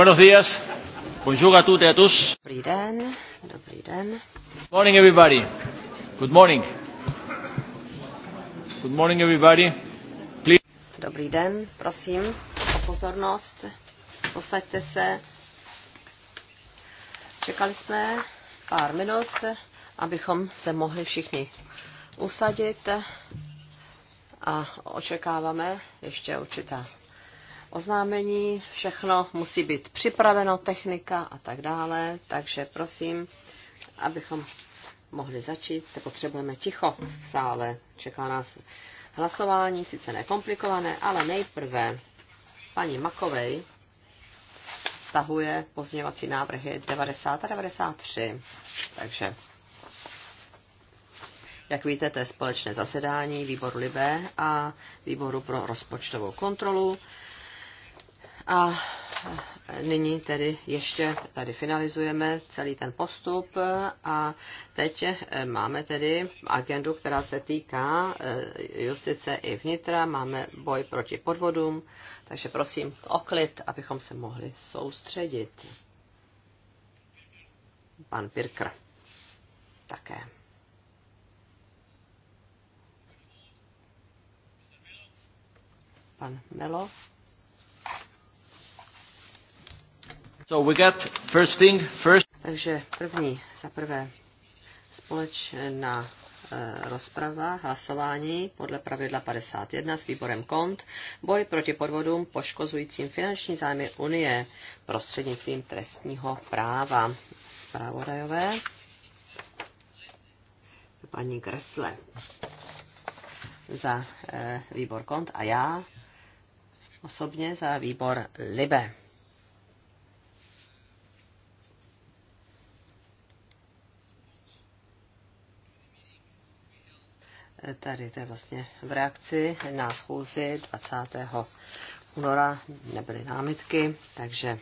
Buenos días. toutes et à tous. Dobrý den. Dobrý den. Morning everybody. Good morning. Good morning everybody. Please. Dobrý den, prosím o pozornost. Posaďte se. Čekali jsme pár minut, abychom se mohli všichni usadit a očekáváme ještě určitá oznámení, všechno musí být připraveno, technika a tak dále, takže prosím, abychom mohli začít, potřebujeme ticho v sále, čeká nás hlasování, sice nekomplikované, ale nejprve paní Makovej stahuje pozměňovací návrhy 90 a 93, takže jak víte, to je společné zasedání výboru Libé a výboru pro rozpočtovou kontrolu. A nyní tedy ještě tady finalizujeme celý ten postup a teď máme tedy agendu, která se týká eh, justice i vnitra, máme boj proti podvodům, takže prosím o klid, abychom se mohli soustředit. Pan Pirkr také. Pan Melo. So we first thing, first... Takže první, za prvé, společná eh, rozprava, hlasování podle pravidla 51 s výborem KONT, boj proti podvodům poškozujícím finanční zájmy Unie prostřednictvím trestního práva. Zpravodajové paní Kresle za eh, výbor KONT a já osobně za výbor LIBE. tady to je vlastně v reakci na schůzi 20. února, nebyly námitky, takže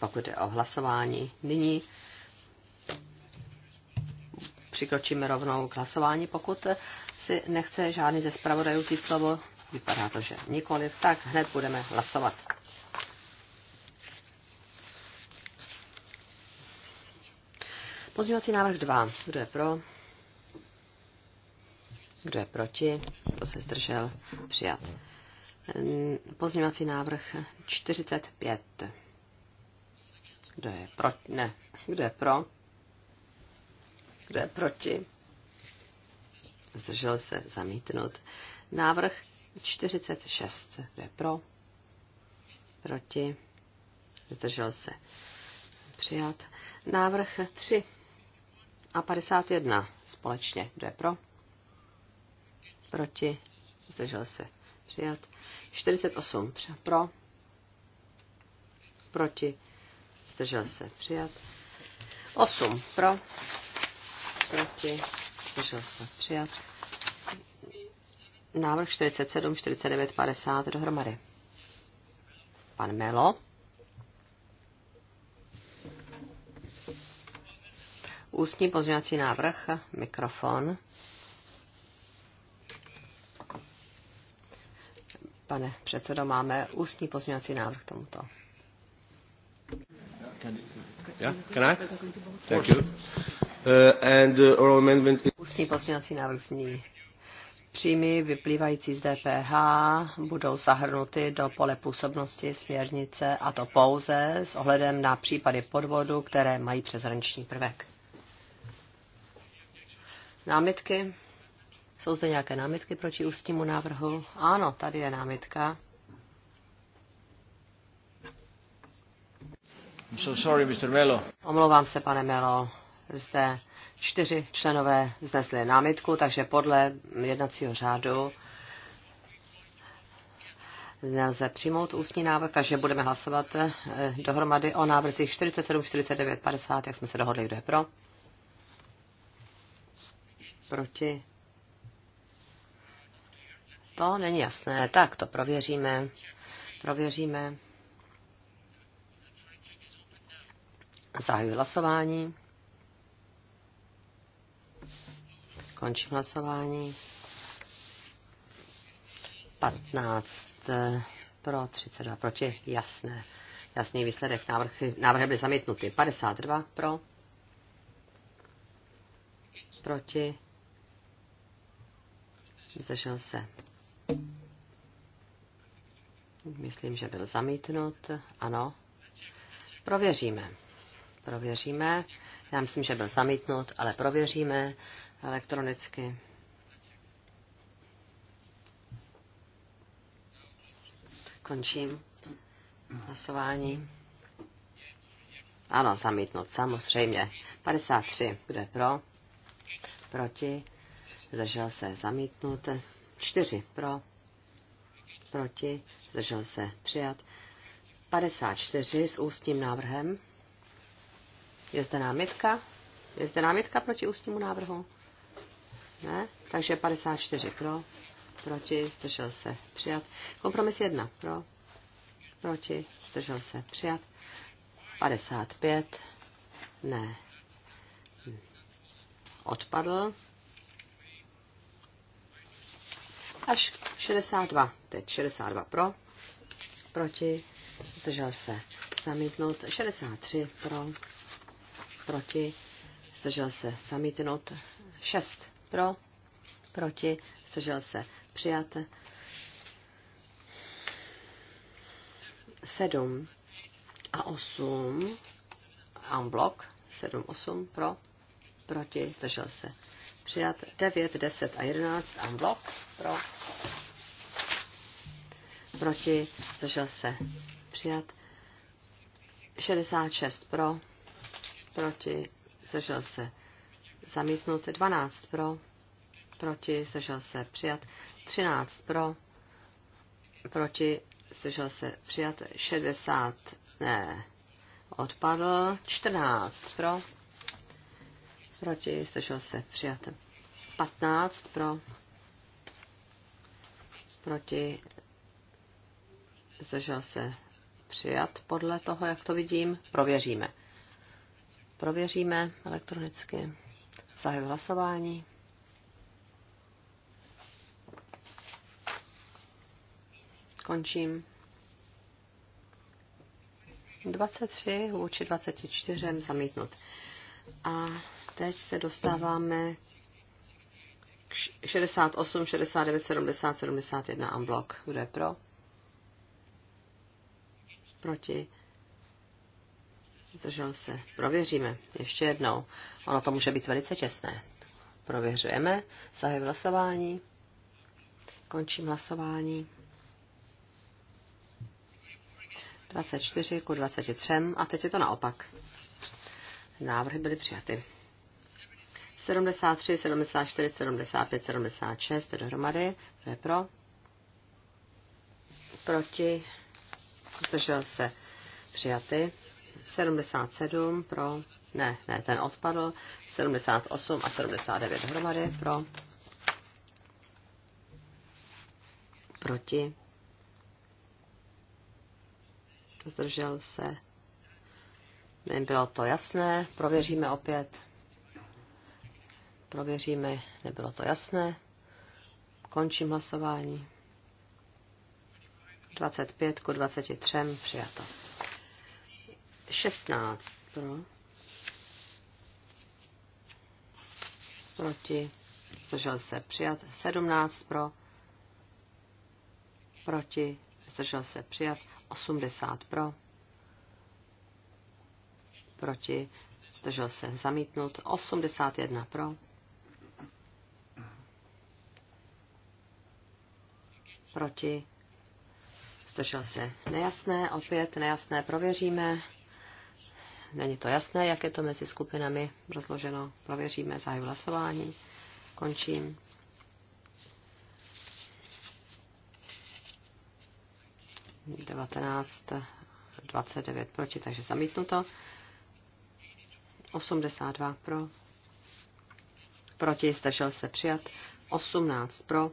pokud je o hlasování nyní, přikročíme rovnou k hlasování. Pokud si nechce žádný ze zpravodajů vzít slovo, vypadá to, že nikoliv, tak hned budeme hlasovat. Pozměňovací návrh 2. Kdo je pro? Kdo je proti? Kdo se zdržel? Přijat. Pozměňovací návrh 45. Kdo je pro? Ne. Kdo je pro? Kdo je proti? Zdržel se zamítnout. Návrh 46. Kdo je pro? Proti? Zdržel se přijat. Návrh 3 a 51 společně. Kdo je pro? Proti? Zdržel se. Přijat. 48 pro? Proti? Zdržel se. Přijat. 8 pro? Proti? Zdržel se. Přijat. Návrh 47, 49, 50 dohromady. Pan Melo. ústní pozměňovací návrh. Mikrofon. Pane předsedo, máme ústní pozměňovací návrh k tomuto. Yeah, can I? Thank you. Uh, and uh, oral amendment... Ústní pozměňovací návrh zní. Příjmy vyplývající z DPH budou zahrnuty do pole působnosti směrnice a to pouze s ohledem na případy podvodu, které mají přeshraniční prvek. Námitky? Jsou zde nějaké námitky proti ústnímu návrhu? Ano, tady je námitka. I'm so sorry, Mr. Melo. Omlouvám se, pane Melo. Zde čtyři členové vznesli námitku, takže podle jednacího řádu nelze přijmout ústní návrh, takže budeme hlasovat eh, dohromady o návrzích 47, 49, 50, jak jsme se dohodli, kdo je pro proti. To není jasné. Tak, to prověříme. Prověříme. Zahajuji hlasování. Končím hlasování. 15 eh, pro, 32 proti, jasné. Jasný výsledek, návrh, návrhy byly zamítnuty. 52 pro, proti, zdržel se. Myslím, že byl zamítnut, ano. Prověříme. Prověříme. Já myslím, že byl zamítnut, ale prověříme elektronicky. Končím hlasování. Ano, zamítnut, samozřejmě. 53. Kdo je pro? Proti? zdržel se zamítnut, čtyři pro, proti, zdržel se přijat, 54 s ústním návrhem. Je zde námitka? Je zde námitka proti ústnímu návrhu? Ne? Takže 54 pro, proti, zdržel se přijat. Kompromis 1 pro, proti, zdržel se přijat. 55 ne. Odpadl. až 62. Teď 62 pro, proti, zdržel se zamítnout. 63 pro, proti, zdržel se zamítnout. 6 pro, proti, zdržel se přijat. 7 a 8 en blok, 7, 8 pro, proti, zdržel se. Přijat 9, 10 a 11 a blok pro, proti, zdržel se. Přijat 66 pro, proti, zdržel se. Zamítnut 12 pro, proti, zdržel se. Přijat 13 pro, proti, zdržel se. Přijat 60, ne, odpadl 14 pro, proti, zdržel se, přijat. 15 pro, proti, zdržel se, přijat podle toho, jak to vidím. Prověříme. Prověříme elektronicky. Zahajuji hlasování. Končím. 23 vůči 24 zamítnut. A teď se dostáváme k 68, 69, 70, 71 unblock. Kdo je pro? Proti? Zdržel se. Prověříme. Ještě jednou. Ono to může být velice těsné. Prověřujeme. Zahajuji hlasování. Končím hlasování. 24 ku 23 a teď je to naopak. Návrhy byly přijaty. 73, 74, 75, 76 dohromady. Kdo je pro? Proti? Zdržel se přijaty. 77 pro, ne, ne, ten odpadl. 78 a 79 dohromady pro. Proti? Zdržel se. Nebylo to jasné, prověříme opět. Prověříme, nebylo to jasné. Končím hlasování. 25 ku 23 přijato. 16 pro. Proti. Zdržel se přijat. 17 pro. Proti. Zdržel se přijat. 80 pro. Proti. Zdržel se zamítnut. 81 pro proti, zdržel se nejasné, opět nejasné prověříme. Není to jasné, jak je to mezi skupinami rozloženo. Prověříme, zahajuji hlasování, končím. Devatenáct 29 proti, takže zamítnuto. 82 pro. Proti, zdržel se přijat. 18 pro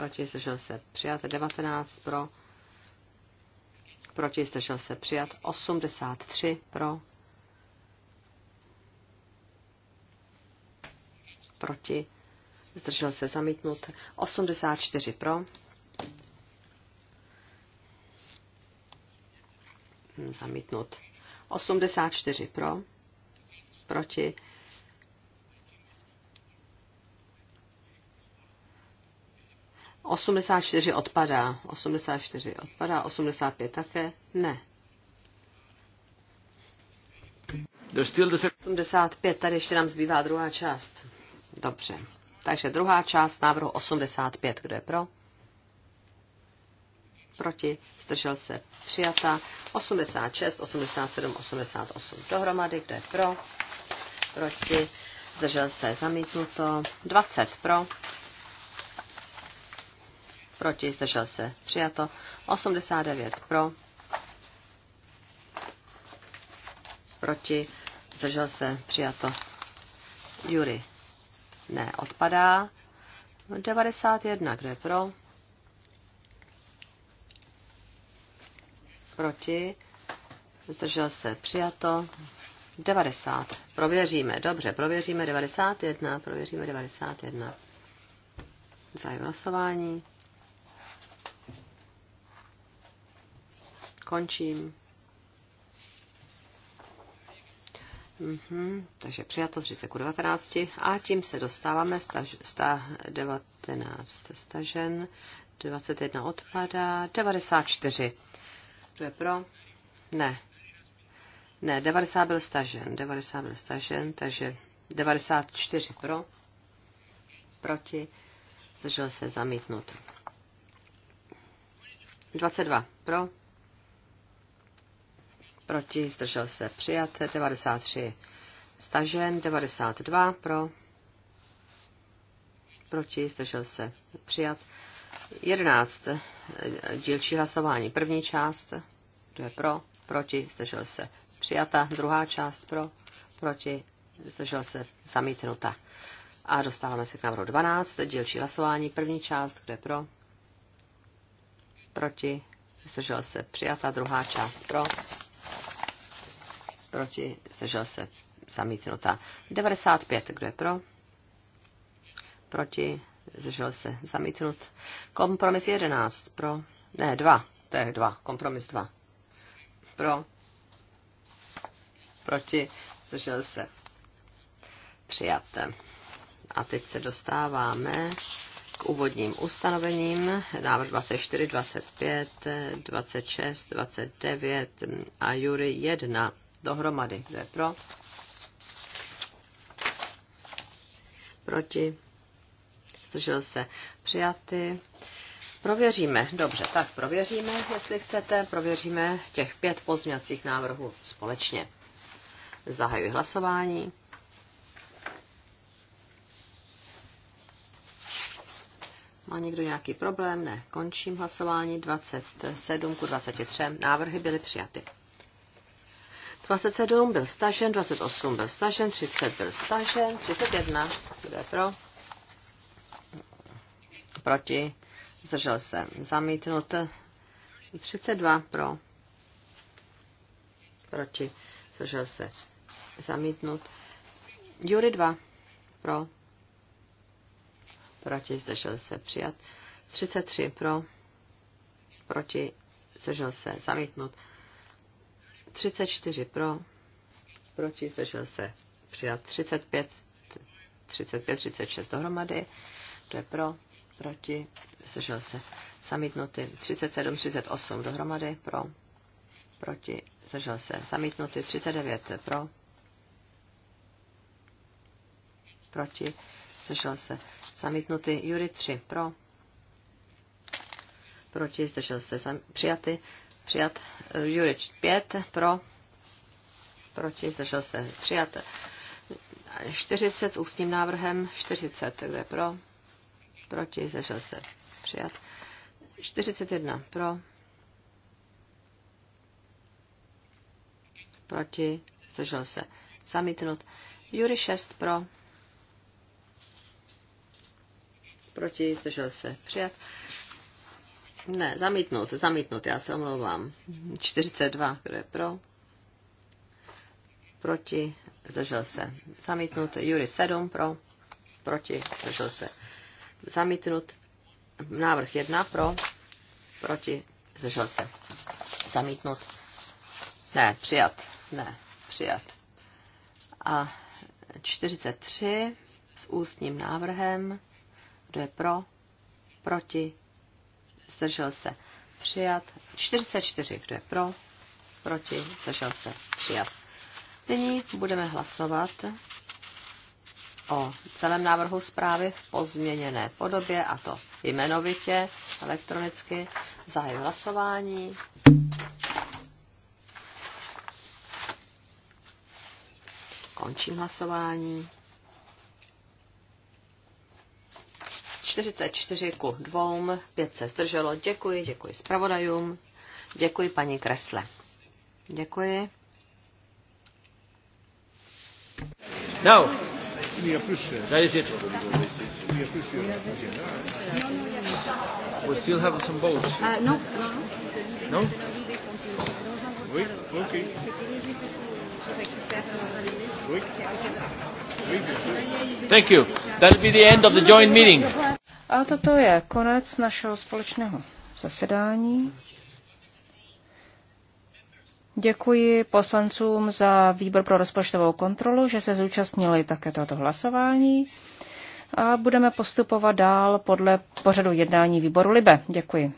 proti, zdržel se přijat, 19 pro, proti, zdržel se přijat, 83 pro, proti, zdržel se zamítnut, 84 pro, zamítnut, 84 pro, proti, 84 odpadá. 84 odpadá. 85 také? Ne. 85, tady ještě nám zbývá druhá část. Dobře. Takže druhá část návrhu 85. Kdo je pro? Proti? Zdržel se? Přijata. 86, 87, 88 dohromady. Kdo je pro? Proti? Zdržel se? Zamítnuto. 20 pro proti, zdržel se, přijato. 89 pro, proti, zdržel se, přijato. Jury ne, odpadá. 91, kdo je pro? Proti, zdržel se, přijato. 90. Prověříme, dobře, prověříme 91, prověříme 91. Zajímavé hlasování. Končím. Mm-hmm, takže přijato 30 k 19 a tím se dostáváme staž, sta, 19 stažen, 21 odpadá, 94. To je pro? Ne. Ne, 90 byl stažen, 90 byl stažen, takže 94 pro, proti, zdržel se zamítnut. 22 pro, proti, zdržel se přijat, 93 stažen, 92 pro, proti, zdržel se přijat, 11 dílčí hlasování, první část, to je pro, proti, zdržel se přijata, druhá část pro, proti, zdržel se zamítnuta. A dostáváme se k návrhu 12, dílčí hlasování, první část, kde je pro, proti, zdržel se přijata, druhá část pro, proti, zdržel se, zamítnuta. 95, kdo je pro, proti, zdržel se, zamítnut. Kompromis 11, pro, ne, 2, to je 2, kompromis 2. Pro, proti, zdržel se, přijat. A teď se dostáváme k úvodním ustanovením. Návrh 24, 25, 26, 29 a Jury 1 dohromady. Kdo je pro? Proti? Zdržel se přijaty. Prověříme, dobře, tak prověříme, jestli chcete, prověříme těch pět pozměňovacích návrhů společně. Zahajuji hlasování. Má někdo nějaký problém? Ne. Končím hlasování. 27 ku 23. Návrhy byly přijaty. 27 byl stažen, 28 byl stažen, 30 byl stažen, 31 bude pro, proti, zdržel se zamítnut, 32 pro, proti, zdržel se zamítnut, Jury 2 pro, proti, zdržel se přijat, 33 pro, proti, zdržel se zamítnut, 34 pro, proti, zdržel se přijat 35, 35, 36 dohromady, to je pro, proti, zdržel se zamítnuty 37, 38 dohromady, pro, proti, zdržel se zamítnuty 39 pro, proti, zdržel se zamítnuty Jury 3 pro, proti, zdržel se zam, přijaty přijat. Jurič 5 pro, proti, zdržel se přijat. 40 s ústním návrhem, 40, kde pro, proti, zdržel se přijat. 41 pro, proti, zdržel se zamítnut. Jury 6 pro, proti, zdržel se přijat. Ne, zamítnout, zamítnout, já se omlouvám. 42, kdo je pro? Proti, zdržel se. Zamítnout, Jury 7 pro, proti, zdržel se. Zamítnut, návrh 1 pro, proti, zdržel se. Zamítnut, ne, přijat, ne, přijat. A 43 s ústním návrhem, kdo je pro, proti, zdržel se přijat. 44, kdo je pro, proti, zdržel se přijat. Nyní budeme hlasovat o celém návrhu zprávy v pozměněné podobě, a to jmenovitě, elektronicky. Zahaj hlasování. Končím hlasování. 44 ku 2, 5 se zdrželo. Děkuji, děkuji zpravodajům, děkuji paní Kresle. Děkuji. no, Thank you. That'll be the end of the joint meeting. A toto je konec našeho společného zasedání. Děkuji poslancům za výbor pro rozpočtovou kontrolu, že se zúčastnili také tohoto hlasování a budeme postupovat dál podle pořadu jednání výboru Libe. Děkuji.